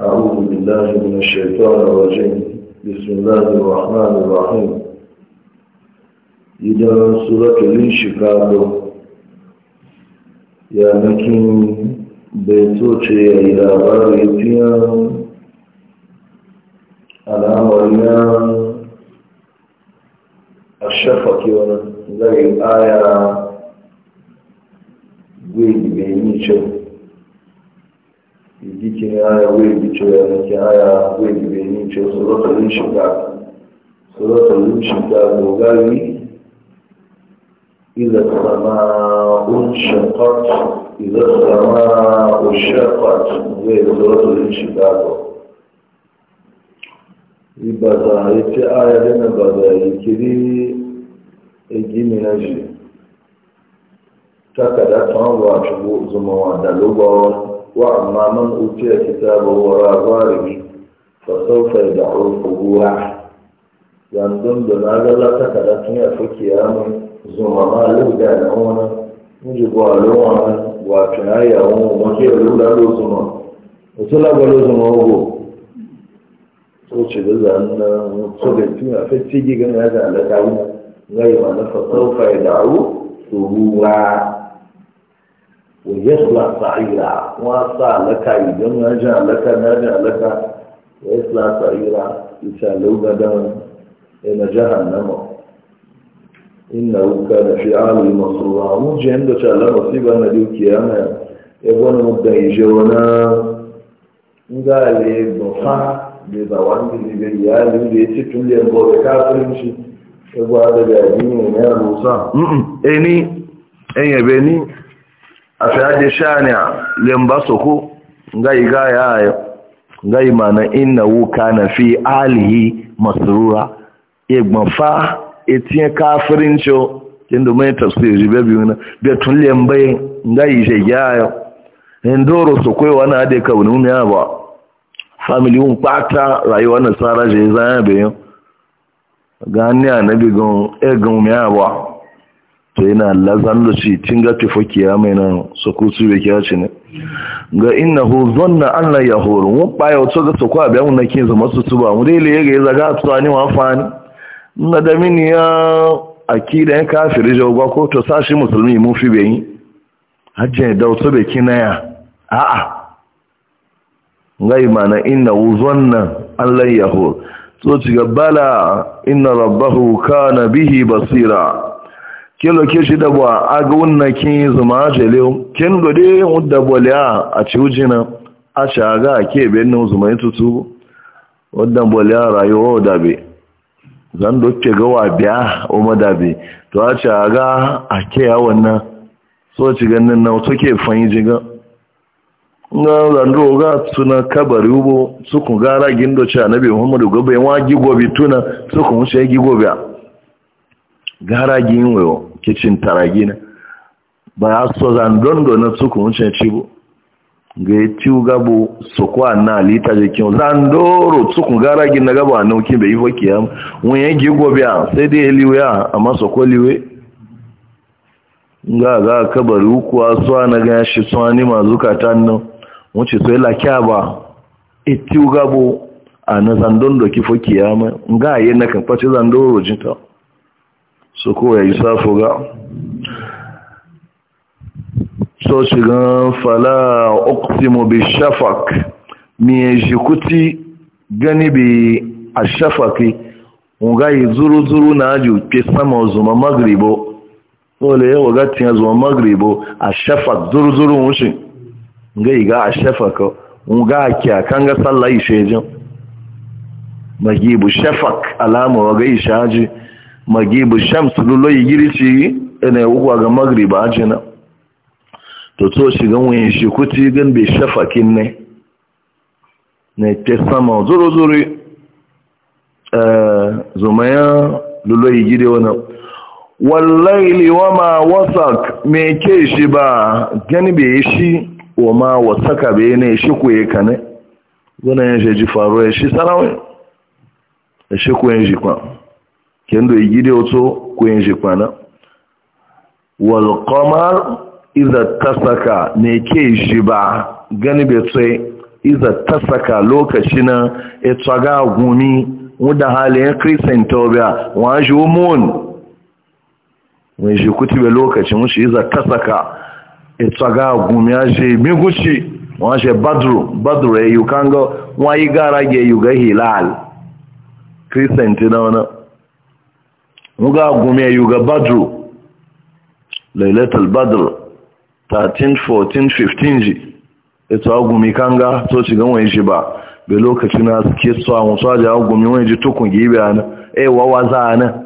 أعوذ بالله من الشيطان الرجيم بسم الله الرحمن الرحيم إذا سورة الانشقاق يا مكين بيتوتي إلى بارئتيا الأمرنا الشفق ونزل الآية ويجب أن يشوف gikin yaya wai gice ya nake yaya wai gibe ni ce suratun shiga suratun shiga dogari إذا السماء انشقت إذا السماء انشقت زي سورة الانشقاق يبقى يتي آية لنا بدا يكري يجي من أجل تكدا تنوى شبوء زموان دلوبون وأما من أوتي كتابه وراء ظهره فسوف يدعو القبور yanzu da na ga lata kada tun ya fi kiyamun zuma ma luda na wani inji gwa lowa gwa tunaya wani wani ya luda lo zuma wasu labalo zuma ogo so ce da zan na so da tun ya fi cigi gani ya zan lata wani gai ma na fasaufa ya da'u su ruwa ويصلح صعيرا وصع لك يوم نجا لك نجا لك ويصلح صعيرا يسالوا غدا إلى جهنم إنه كان في عالي مصروعا مجهن دو تعالى مصيبة نبيو كياما يبون مدعي جونا قال يبنفا بضوان بالبريال بيتتم ليبور كافرين شي يبوا هذا بأدين انا موسى إني إني بني a fiye shaniya limba su ku gai gaya ayo gai mana ina wuka na fi alihi masurura igbafa etinye kafirin cho kindu mai tafsiri bebi na betun limba gai shi gaya indoro su kwai wana ade ka wani wuni ba family un pata rayuwa na tsara je zaya bayan gani a nabi gan egan wuni to yana lazan da shi cin gafi fokiya mai nan su bai kira ci ne ga ina hu zonna an na ya horo mun baya wato ga soko a bayan na kinsa masu tuba mu dai ya ga ya zaga a tuwa ni wa fani na da mini ya akida ya kafiri ba ko to sashi musulmi mun fi yi. hajjin da wato bai kina ya a'a ga imana ina hu zonna an la ya horo so ci gabala inna rabbahu kana bihi basira kilo ke shi dabwa a ga wunna ki zuma jele kin gode wudda bolya a ci wujina a shaga ke benin zuma ya tutu wadda bolya rayuwa da be zan doke gawa wa biya o madabe to a shaga a ke ya wannan so ci ganin na to ke fanyi jiga na zando ga tuna kabari ubo su kun gara gindo cha nabi muhammadu gobe wa gigobi tuna su kun shi gigobi gara gin wayo kicin taragina ba so zan dondo na suku wucin cibo ga ya ci gabo su kwa na alita jikin zandoro suku gara gina gabo a naukin bai yi Mun ya wunye gobe biya sai dai liwe ya amma su kwa liwe ga ga kabari uku a na gan shi suwa ni mazu katan nan wuce sai lakya ba iti e gabo a na zandondo ki foki ya ma ga yi na kan zan doro jinta so kowa ya yi safo ga so shigan fala uqsimu bi shafak mi jikuti gani bi ashafaki nga yi zuru zuru na aju ke sama zuma magribo ole ya waga tiya zuma magribo ashafak zuru zuru wuce nga yi ga ashafaka nga kya kanga sallah ishe jin magibu shafak ga waga ishaji magibu shams lulo yigirici ina ugwa ga magriba jina to to shi gan wani shi kuti gan bai shafakin ne na ke sama zuru zuru eh, zumaya lulo yigiri wani wallaili wa ma wasak me ke shi ba gani bai shi wa ma wasaka bai ne shi kuwa ka ne gwana ya shi ji faruwa shi sarawai shi kuwa ya ji kendo igide oto kwen shi kwana wal qamar idza tasaka ne ke shi ba gani be tsaye idza tasaka lokaci na etsaga gumi wanda halin christian tobia wa shi moon mun shi kutibe lokaci mun shi idza tasaka etsaga gumi a shi miguci wa shi badru badru e yukanga wa yi garage yuga hilal christian tinawana muga gume yuga badru lailatul badr 13 14 15 ji eto gumi kanga to ci gan wani ji ba be lokacin na suke tsawa musu aja gumi wani ji tukun gibe ana eh wawa za ana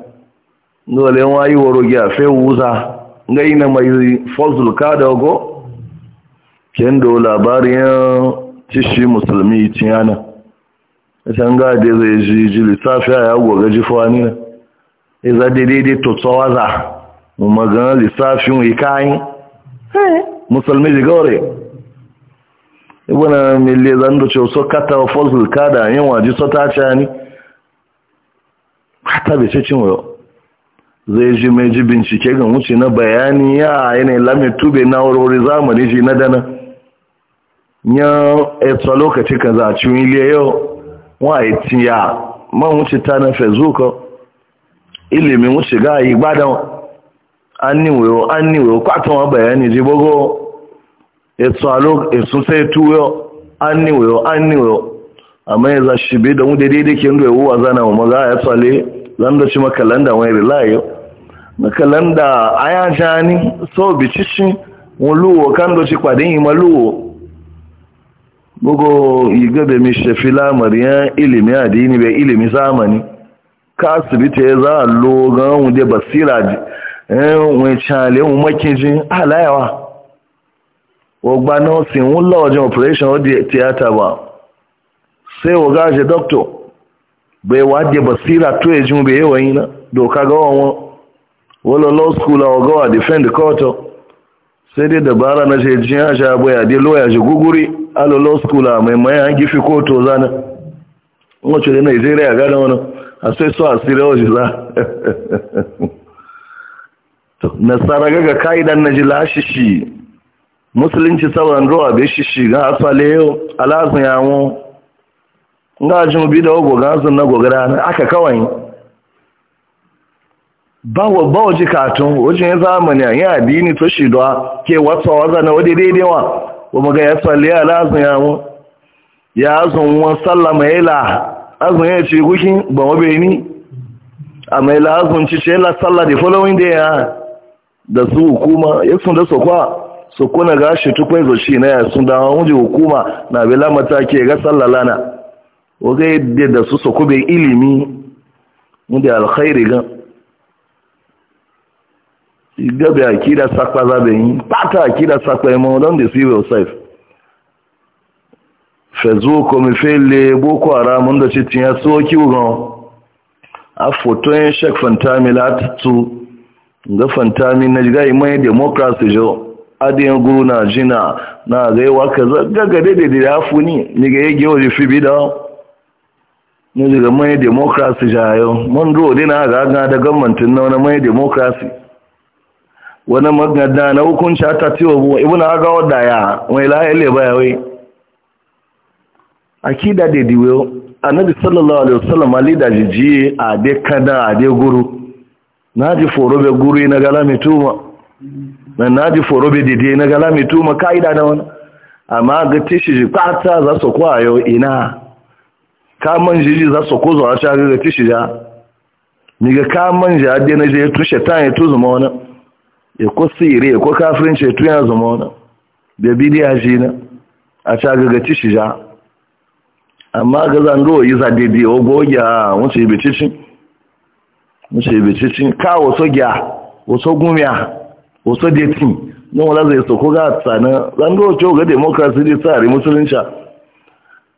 dole yan wayi woro giya fe wuza ngai na mai fazl kada go kendo labarin tishi musulmi tiyana ita ga da zai ji lissafi ya goga jifani na izadedede to tsawaza mu magana lissafin hikayen musulmi jigore ibuna mille zando ce so kata fosil kada yin waji so ta ce ni hata bai cin wayo zai ji mai ji bincike ga wuce na bayani ya yana lamin tube na wurwuri zamani ji na dana ya etsa lokaci kan kaza cikin ile yau wa ya man wuce ta na fezuka ilimin wuce ga yi gbadan an niwe an niwe kwatan wa bayani ji bogo etu alo etu sai tuyo an niwe an niwe amma ya zashi bi da mu da daidai kin zana mu za ya tsale zan da shi makalanda wani rilayo makalanda aya jani so bicici wuluwo kan do yi ka asibiti ya za a lo gan basira ji ẹ̀wọ̀n ìṣàlẹ̀ ohun mọ́kínjí aláyàwá ọgbà náà sì ń lọ́ọ̀jẹ́ operation ó di tíátà wa sai wa gashi doctor bai waje basira tó ya jin bai yawan yi na doka gawa wọn wọ́lọ̀ law a defend court sai dai dabara na shi jin ya sha bai adi lawyer shi guguri a asai so asiri wajila to nasara gaga kaidan na najila shishi musulunci sauran ruwa bai shishi ga asali yau alazun yawo ga jin bi da ogo ga azun na gogara na aka kawai bawo bawo ji katon wajen zamani a yi addini to shi doa ke wata waza na wadda daidaiwa wa maga ya tsale alazun yawo ya azun wọn sallama ya azumin ya ce gushin ba wabe ni a mai la'azun ci ce la sallah da following day ya da su hukuma ya sun da su kwa su kuna gashi tukwai zo na ya sun da wuje hukuma na bela mataki ga sallah lana waga yadda da su su kube ilimi wanda alkhairi ga gabe akida sakwa zabe yi pata akida sakwa yi ma don da wa yourself fezuko mifele boko haramun da cikin ya soki wuron a fotoyin shek fantami latitu ga fantami na jiga imai demokrasi jo adiyan guru na jina na gaiwa kaza zaga daidai da hafu ni ni ga yage waje fi bi da ni daga mai demokrasi jayo mun rode na ga gana da gwamnatin na wani mai demokrasi wani magana na hukunci ta ciwo ibuna aga wadda ya wai la'ile baya wai akida da diwe annabi sallallahu alaihi wasallam ali da jijiye a de kada a de guru naji be guru na gala mituma na naji be dide na gala mituma kaida da wani amma ga tishi ji kwata za su kwayo ina Ka man jiji za su ko zuwa ta ga tishi ja ni ga man ji ade na je tushe ta ya tuzu ma wani ya ko sire ya ko kafirin ce tu ya zuma wani da bidiya ji na a ta ga tishi ja amma ga zango yi za daidai ogo ya wuce ibe cikin wuce ibe cikin ka wasu gya wasu gumiya wasu daidai nan wala zai soko ga tsanin zango ce ga demokrasi da tsari musulunci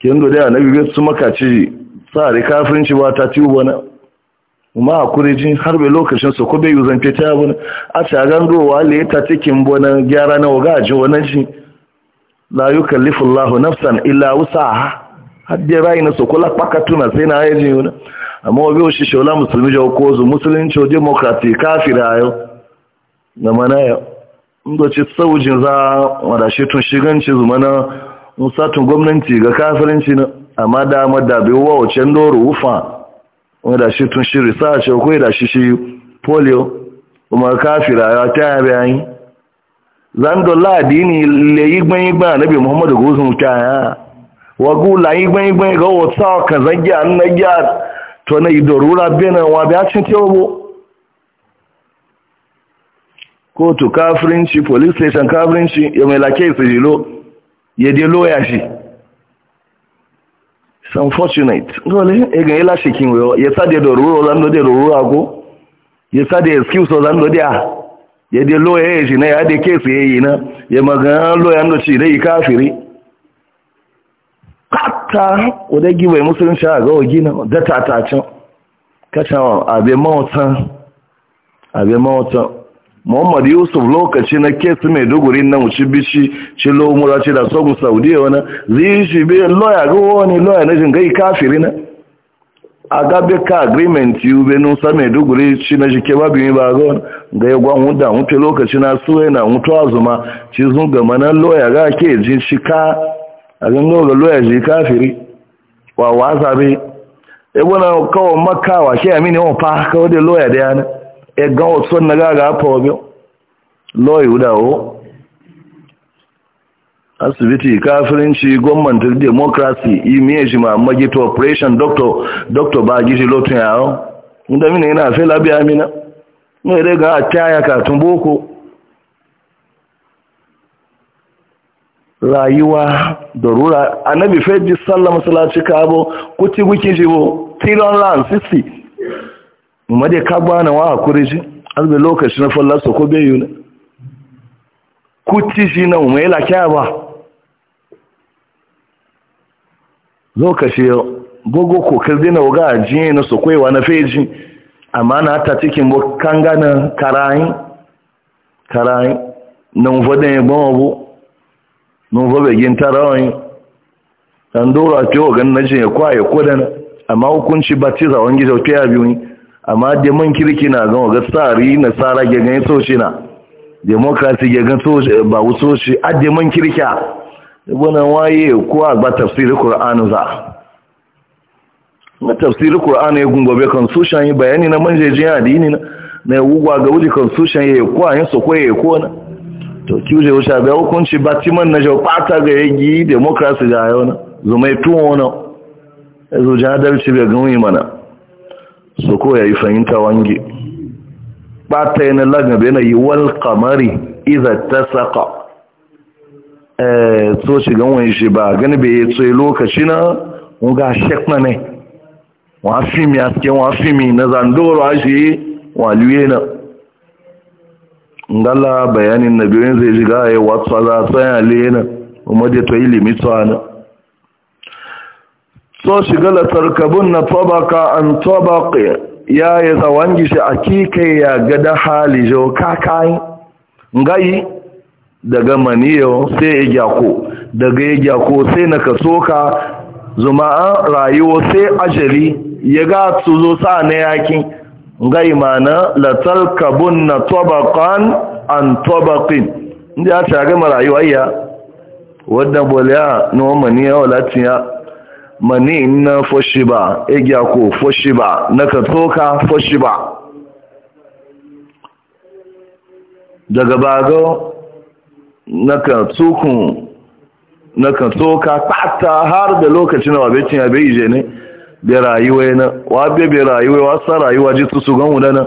ke ndo da na bai su makaci tsari kafirinci ba ta ci wani kuma a kurejin har bai lokacin su ko bai yi zance ta wani a shagan dowa le ta cikin bonan gyara na waga a ji wani shi la yukallifu Allahu nafsan illa wusaha hadde rai na sokola pakatuna sai na yaji yuna amma wabi o shishola musulmi jo ko zu musulunci democracy kafira yo na mana yo ndo ci saujin za wada shi tun shiganci zumana tun gwamnati ga kafirinci na amma da madda bi wa o cendoro ufa wada shi tun shi research ko da shi shi polio kuma kafira yo ta bayani zando ladini le yigban yigban nabi muhammadu gozun ta ya wagu layi gbangban ga wata ka zagi an na gyar to na idorura benin wa biya cin tewo kotu kafirinci police station kafirinci ya mai lake su jilo ya de loya shi it's unfortunate dole ya e ganyi lashe kinwo ya sa da doruro zan dode dorura ko ya sa da excuse zan dode a ya de loya ya shi na ya de kesu ya yi na ya magana loya ndo ci dai kafiri ta wadagi bai musulunci a ga wagi na da tatacin kashawa abe mawutan abin mawutan muhammad yusuf lokaci na kesu mai duguri na wuce bishi ci lomura ce da sogun saudiya wani zai shi loya ga wani loya na jin gai kafiri na a gabe ka agreement yi ube nusa mai duguri ci na jike babu yi ba ga wani ga ya gwan wuda wuce lokaci na suwe na mutu azuma ci zun gama loya ga ke jin shi ka abin nolo lo ya ji kafiri wa wasa bi ebo na kawo makawa shi amini on pa kawo de lo ya de ana e gan o son na ga ga po bi lo yu da o asibiti kafirinci gwamnatin democracy imiye shi ma magito operation doctor doctor ba gishi lotun yawo inda mini yana fe labi amina mai rega a taya katun boko rayuwa da rura annabi fẹ́ sallama sálà masalaci kuti wiki tí wíkí jí bó tílọ́nlán sísì mọ́dé kágbá na wọ́n àkúrí jí lokaci na fọ́lá sọ ko bẹ́ yìí kú tí na mu yìí kya ba Lokaci lókàci gbogbo kokar dina wuga a jiye na su kwaiwa na feji amma na ta cikin bo na karayin karayin na mufadin ya gbawa bai begin tarawai ɗan dora ce wa ganin nashin ya kwaye kudan amma hukunci ba ce zawon gida ta ya biyu ne amma jaman kirki na gan waga tsari na tsara ya soci na demokrasi gagan soci ba soce a jaman a wani waye ko a ba tafsirin ƙur'anu za na tafsirin ƙur'anu ya gungobe sushen yi bayani na manjejin adini na ya wugwa ga wuji sushen ya yi a yin sokwa ya yi ko na to kiuje wuce bai hukunci batiman na jau pata ga yagi demokrasi ga yau na zumai wani na zo jadalci bai gami mana su ko ya yi fahimta wange pata yana lagabe na yi wal kamari iza ta saka eh so shi ganwan shi ba gani bai yi tsoye lokaci na mun ga shek na ne wa fimi aske wa fimi na zandoro a shi wa liye na ngala bayanin na biyun zai shiga ya e, watsa za a tsaya lena kuma da ta yi so shiga la tarkabun na tobaka an tabaka ya yi tsawon gishi a kikai ya gada hali jau kakai ngayi daga maniyo sai igya e daga ya e gyako sai na kaso ka zuma rayuwa sai ajali ya ga su zo sa na yakin ngai mana latarkabun na tobakan an tobakin ndi a tare marayuwa ayya. wadda boliya na wamani yawa ya. mani na foshi ba igiya ko foshi ba na ka foshi ba daga bago na katukun na katoka kwata har da lokacin da wabe cin abe ije ne bi rayuwa na wa bi bi rayuwa sa rayuwa ji su gan wudana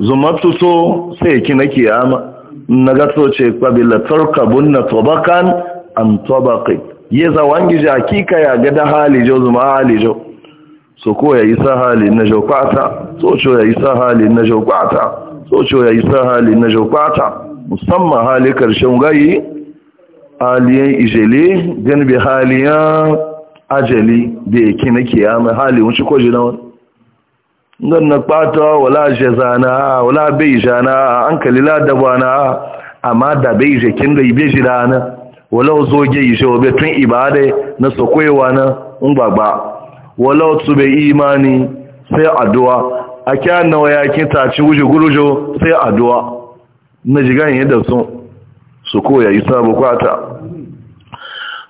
zumatu so sai ki na kiyama na so ce kabila tarkabun na tabakan an tabaqi ya zawangi ji hakika ya ga da hali jo zuma hali jo so ko ya isa hali na jo kwata so cho ya isa hali na jo kwata so cho ya isa hali na jo kwata musamman hali karshen gayi haliyan ijele gan bi haliyan ajali da yake na kiyama hali wuce ko jina wani ɗan na ƙwato wala jazana wala bai jana an kalila na amma da bai je kin da ibe jirana wala ge yi shi obe tun ibada na sokwewa na ngbagba wala su bai imani sai addu'a a kyan na waya kin taci wuce gurujo sai addu'a na jigan yadda sun su koya yi sabu kwata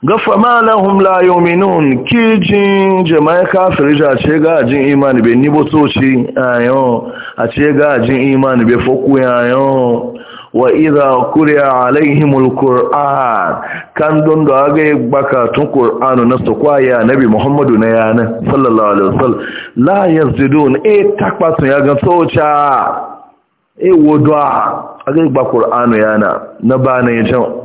gafa malahum la yuminun kijin jama'a kafir ja ce ga jin imani be ni botoci ayo a ce ga jin imani be foku ayo wa idha quri'a alaihimul qur'an kan don da aga e baka tun qur'anu na su kwaya nabi muhammadu na yana sallallahu alaihi wasallam la yazidun e takpatun ya ga socha e wodwa aga e ba qur'anu yana na ya e yajan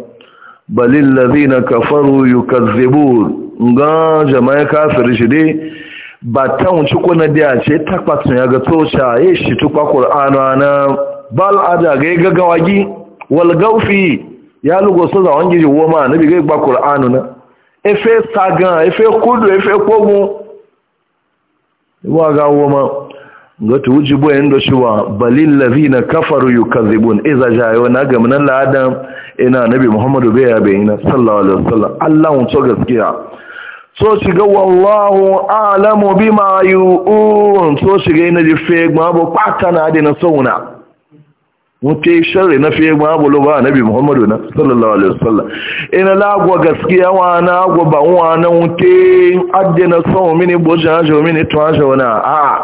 balil lazina kafaru yukazzibun nga jama'a kafir shi dai ba ta wuce kuna da ce takwatsun ya ga tocha ya shi tukwa qur'ana na bal ada ga gagawagi wal gaufi ya lugo so za wangi wo ma nabi ga ba qur'anu na efe saga efe kudu efe kogun wa ga wo ma goto wuji boyen do shiwa balil ladhina kafaru yukadhibun iza jayo na ga mun ladan ina nabi muhammadu bai ya bayina sallallahu alaihi wasallam Allah mun to gaskiya so shiga wallahu a'lamu bima yu'un so shiga ina ji fe gba bo pata na de na sauna mutai sharri na fe gba bo ba nabi muhammadu na sallallahu alaihi wasallam ina lagwa gaskiya wa na agwa ba wa na wuce adde na sauna mini bojajo mini twajo na a.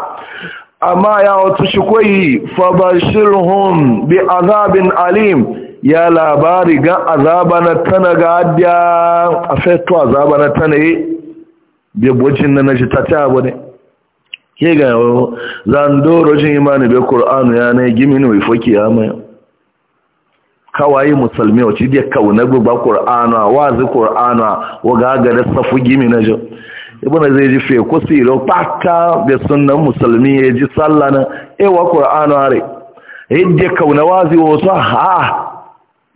amma ya wata shi kwayi fabashirhum bi azabin alim ya labari ga azaba na tana ga adiya a fetu azaba na tana yi bi bocin na nashi ta ta abu ne ke ga yawon zandoro jin imani bai kur'anu ya na yi gimi ne wai foki ya mai kawai musulmi wacce dai kauna gba kur'anu a wazi kur'anu a waga ga safu gimi na jau ibn zai ji fe ko silo pata da sunnan musulmi ya ji sallah na ewa qur'anu are yadda kauna wazi wasu ha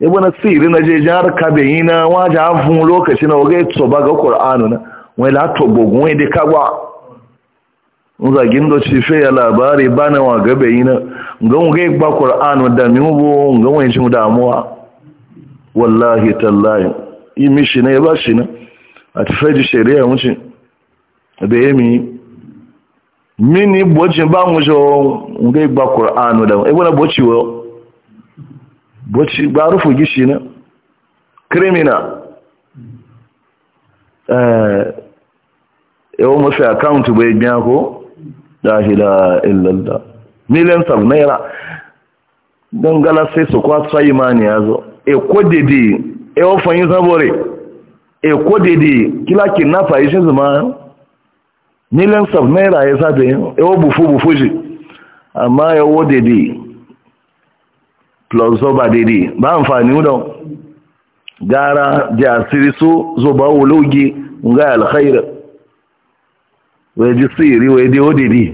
ibn siri na je jar kabeyi na waje afun lokaci na waga to ba ga qur'anu na wai la to bogun wai kagwa zagin da fe ya labari bana wa gabeyi na ngan waga ba qur'anu da mi mu ngan wai shi damuwa wallahi tallahi yi mishi ne ba shi na a tafi shari'a mutum bemi mini bocin ba mu jo ngai ba qur'anu da e bona boci wo boci ba rufu gishi na criminal eh yau musu account bai biya ko dahila illallah millions of naira don gala sai su kwatsa imani ya e kodede e ofan yi sabore e kodede kila kidnapper yi shi zuma millions of naira ya sabe yawo bufu-bufu shi amma yawo dede plus zoba dede ba amfani da gara jasiri su zoba wulogi ga alkhaira wai ji siri wai o dede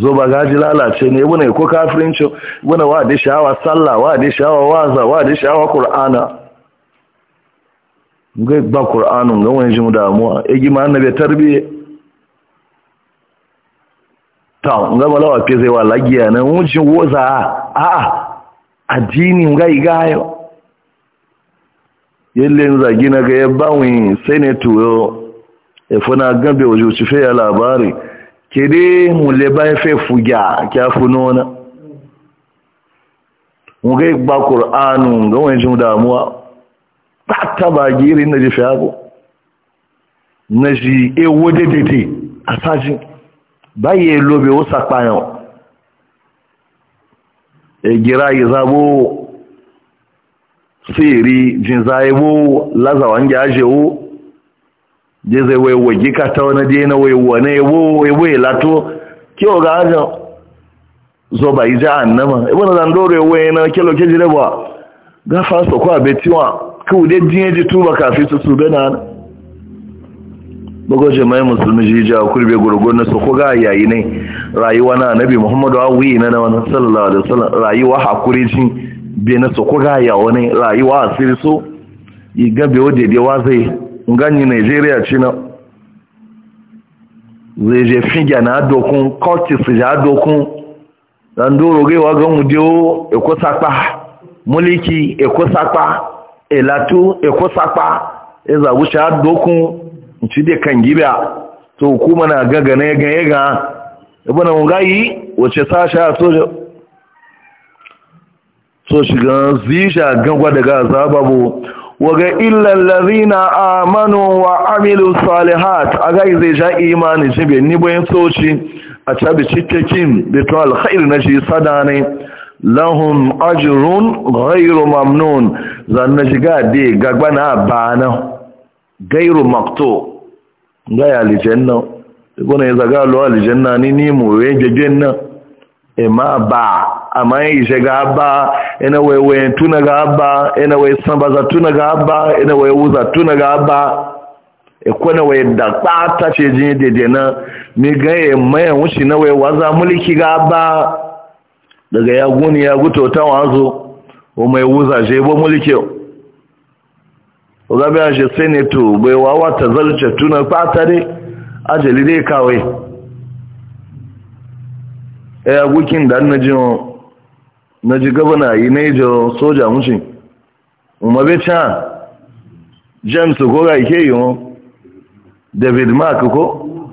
zoba gaji lalace ne wani ko kafirinci wani wa da sha'awa sallah wa da sha'awa waza wa da sha'awa kur'ana ga ba kur'anun ga wani jimu damuwa ya gima annabi tarbiyya ta nga lawa wa zai wa lagiya na wujin woza a a addini nga igayo yelle nzagi na ga yabawin senator yo efuna gambe ojo chife ya labari kede le ba fe fuga kya funona mugai ba qur'anu ga da damuwa ta taba giri na ji fi hago na ji ewo dedete a sajin báyìí elóbe ó sàpàyàn ègèrà ìzàbò sírí jìnzà ewó lázàwọn jáṣe ó jẹ́sẹ̀ wẹ̀wẹ̀ jíkàtà ọ̀nà dínà wẹ̀wọ̀ ní ewó ewé ìlàtó kí ó gáájọ zọba ìjá ànàmà ìwọ̀n náà dóòrò ewé iná kí ló kéjì rẹ̀bọ̀ gáfà sọ̀kọ́ àbẹ̀tíwà kí ó dé díẹ̀ jì túbọ̀ kàfí tuntun bẹ́ẹ̀ bugo jama'ai musulmi shi ja kurbe gurgurna su ko yayi ne rayuwa na annabi muhammadu awi na na wannan sallallahu alaihi wasallam rayuwa hakuri shi be na su ko ga yawo ne rayuwa asiri so yi gabe wode de wa zai ngani nigeria ci na zai je figa na dokun cortis ja dokun dan doro ge wa gan udio e ko muliki ekosapa elatu ekosapa ko e sapa kan gida to kuma na gaga na yaga yaga na ungayi wace sasha soja so shiga zisha gangwa daga zababu waga illal ladina amanu wa amilu salihat aga gai zai sha imani shi be ni bayan soci a tabi cikakin da to alkhair na shi sada lahum ajrun ghairu mamnun zan na shiga da gagbana bana gairu makto ga ya alijanna ibuna ya zaga lo alijanna ni ni mu we jejenna e ma ba ama yi se ga ba ina e we we tuna ga ba ina e we samba za tuna ga ba ina e we uza tuna ga ba e kona we da ta ce de de na mi ga e mai wuci na we waza mulki ga ba daga ya guni ya guto ta wazo o mai uza je bo mulki zaɓe a shi senator bai wawa ta tunar fata dai ajali dai kawai e, ya gukin da na ji na ji gabana soja umarai james ogora ike wọn david mark ko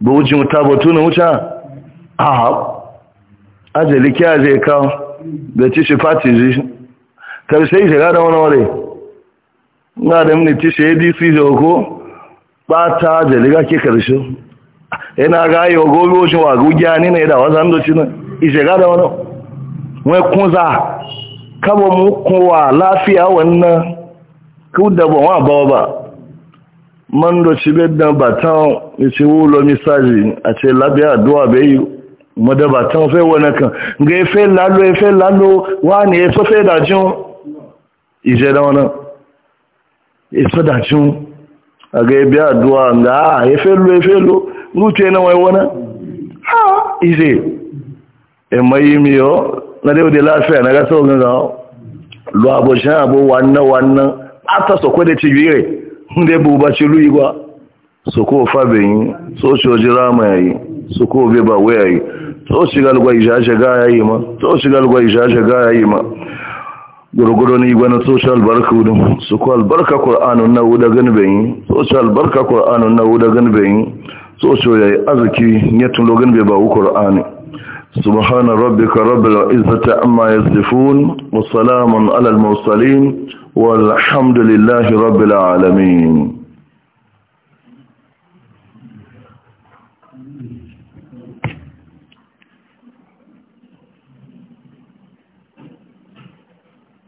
ba wucin tabbatu na wuce a ajali kya zai kawo da ci shi fati zai wani E na e da mini tishe ya disi da ko bata da liga ke karshe yana ga yi wa gobe wajen wa gugiya ne na yada wazan doci na ishe ga da wani wai kunza kaba mu kowa lafiya wannan ku da ba wa ba ba man batan ya ce misaji a ce labiya addu'a bai yi madaba tan fẹ́ wọ́n kan lalo e ife lalo wá ní ẹsọ́fẹ́ ìdájọ́ ìṣẹ́dá wọn isodacin a aga ebe aduwa ga a ah, efelu efelu nuce na wai wani ha ise emayi miyo na dai wadda lafiya na gasa ogun ga lo aboshan abu wanna wanna ata sokwe da cibire ndị bụ ụbọchị lu igwa sokwe ofabeghị sochi ojira ma yayi sokwe obeba wee yayi sochi galgwa ishe ashe ga yayi ma sochi galgwa ishe ashe ga yayi ma gurguru ni gwani social barka wudin su ku albarka ƙur'anun na wuda ganibayin social barka qur'anun na wuda ganibayin so ya yi arziki ya tulo ganibe ba qur'ani سبحان ربك رب العزة izzati يصفون وسلام على المرسلين والحمد لله رب العالمين